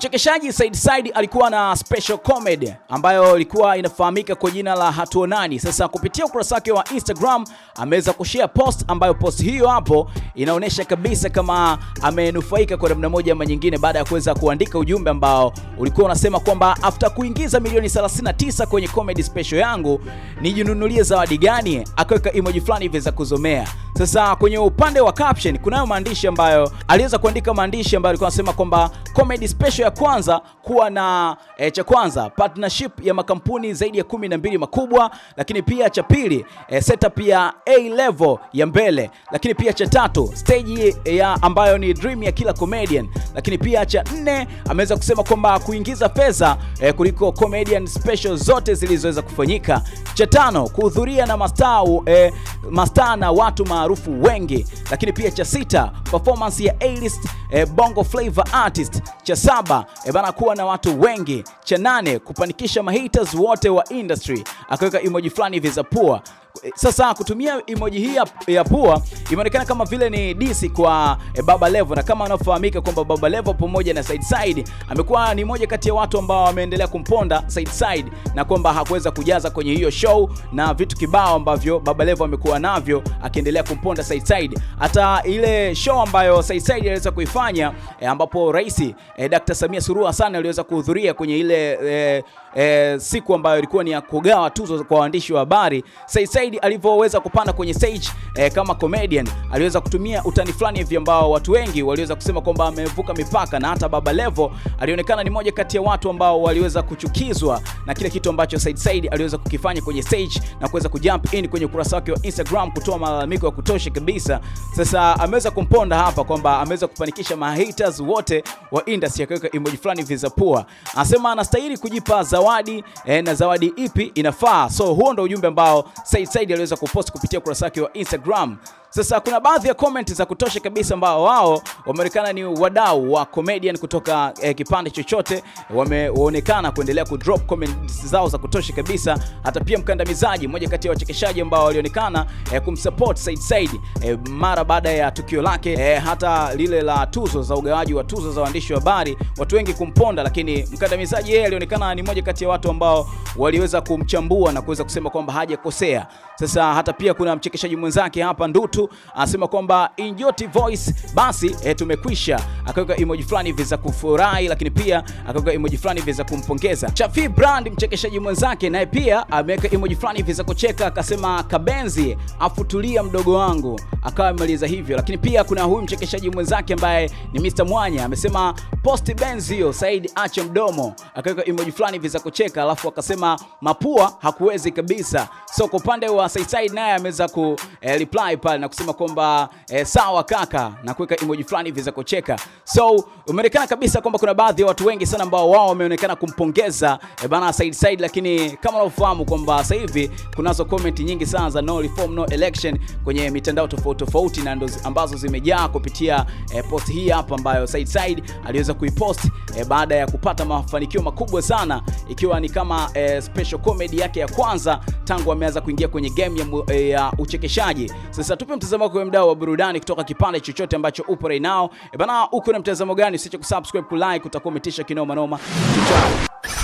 Mchekeshaji Said Said alikuwa na special comedy ambayo ilikuwa inafahamika kwa jina la Hatuonani. Sasa kupitia ukurasa wake wa Instagram ameweza kushare post ambayo post hiyo hapo inaonyesha kabisa kama amenufaika kwa namna moja ama nyingine baada ya kuweza kuandika ujumbe ambao ulikuwa unasema kwamba after kuingiza milioni 39 kwenye comedy special yangu nijinunulie zawadi gani? Akaweka emoji fulani hivi za kuzomea. Sasa kwenye upande wa caption kunayo maandishi ambayo aliweza kuandika, maandishi ambayo alikuwa anasema kwamba comedy special ya kwanza kuwa na e, cha kwanza partnership ya makampuni zaidi ya kumi na mbili makubwa, lakini pia cha pili e, setup ya A level ya mbele, lakini pia cha tatu stage ya ambayo ni dream ya kila comedian, lakini pia cha nne ameweza kusema kwamba kuingiza pesa e, kuliko comedian special zote zilizoweza kufanyika, cha tano kuhudhuria na mastaa e, mastaa na watu maarufu wengi. Lakini pia cha sita, performance ya A-list e, bongo flavor artist. Cha saba e, bana kuwa na watu wengi. Cha nane kupanikisha mahitas wote wa industry, akaweka emoji fulani hivi za pua sasa kutumia emoji hii ya ya pua imeonekana kama vile ni disi kwa e, Baba Levo, na kama anafahamika kwamba Baba Levo pamoja na Side Side amekuwa ni moja kati ya watu ambao wameendelea kumponda Side Side, na kwamba hakuweza kujaza kwenye hiyo show na vitu kibao ambavyo Baba Levo amekuwa navyo akiendelea kumponda Side Side. Hata ile show ambayo Side Side aliweza kuifanya e, ambapo Rais e, Dr. Samia Suluhu Hassan aliweza kuhudhuria kwenye ile e, e, siku ambayo ilikuwa ni ya kugawa tuzo kwa waandishi wa habari Side Side Said alivyoweza kupanda kwenye stage eh, kama comedian aliweza kutumia utani fulani hivi ambao watu wengi waliweza kusema kwamba amevuka mipaka, na hata Baba Levo alionekana ni moja kati ya watu ambao waliweza kuchukizwa na kile kitu ambacho Said Said aliweza kukifanya kwenye stage na kuweza kujump in kwenye ukurasa wake wa Instagram kutoa malalamiko ya kutosha kabisa. Sasa ameweza kumponda hapa kwamba ameweza kufanikisha mahaters wote wa industry, akaweka emoji fulani hivi za pua, anasema anastahili kujipa zawadi eh, na zawadi ipi inafaa. So huo ndo ujumbe ambao Said Said aliweza kupost kupitia ukurasa wake wa Instagram sasa kuna baadhi ya comment za kutosha kabisa ambao wao wameonekana ni wadau wa comedian kutoka eh, kipande chochote, wameonekana kuendelea ku drop comments zao za kutosha kabisa. Hata pia mkandamizaji, mmoja kati ya wachekeshaji ambao walionekana eh, kumsupport Said Said eh, mara baada ya tukio lake eh, hata lile la tuzo za ugawaji wa tuzo za waandishi wa habari, watu wengi kumponda, lakini mkandamizaji yeye alionekana ni mmoja kati ya watu ambao waliweza kumchambua na kuweza kusema kwamba hajakosea. Sasa hata pia kuna mchekeshaji mwenzake hapa Ndutu tu, anasema kwamba Injoti Voice basi e, tumekwisha. Akaweka emoji fulani hivi za kufurahi, lakini pia akaweka emoji fulani hivi za kumpongeza Chafi Brand, mchekeshaji mwenzake, naye pia ameweka emoji fulani hivi za kucheka, akasema kabenzi afutulia mdogo wangu, akawa amemaliza hivyo. Lakini pia kuna huyu mchekeshaji mwenzake ambaye ni Mr Mwanya amesema post benzi hiyo Said ache mdomo, akaweka emoji fulani hivi za kucheka, alafu akasema mapua hakuwezi kabisa. So kwa upande wa Said naye ameweza ku eh, reply pale na kusema kwamba e, sawa kaka, na kuweka emoji fulani hivi za kucheka. So umeonekana kabisa kwamba kuna baadhi ya watu wengi sana ambao wao wameonekana kumpongeza e, bana Said Said, lakini kama unavyofahamu kwamba sasa hivi kunazo comment nyingi sana za no reform no election kwenye mitandao tofauti tofauti, na ndozi, ambazo zimejaa kupitia e, post hii hapa ambayo Said Said aliweza kuipost e, baada ya kupata mafanikio makubwa sana ikiwa ni kama e, special comedy yake ya kwanza tangu ameanza kuingia kwenye game ya, ya uchekeshaji. Sasa tupe mtazamo wako mdau wa burudani kutoka kipande chochote ambacho upo right now. E bana, uko na mtazamo gani? Usiache kusubscribe, kulike, utakuwa umetisha kinoma noma. Ciao.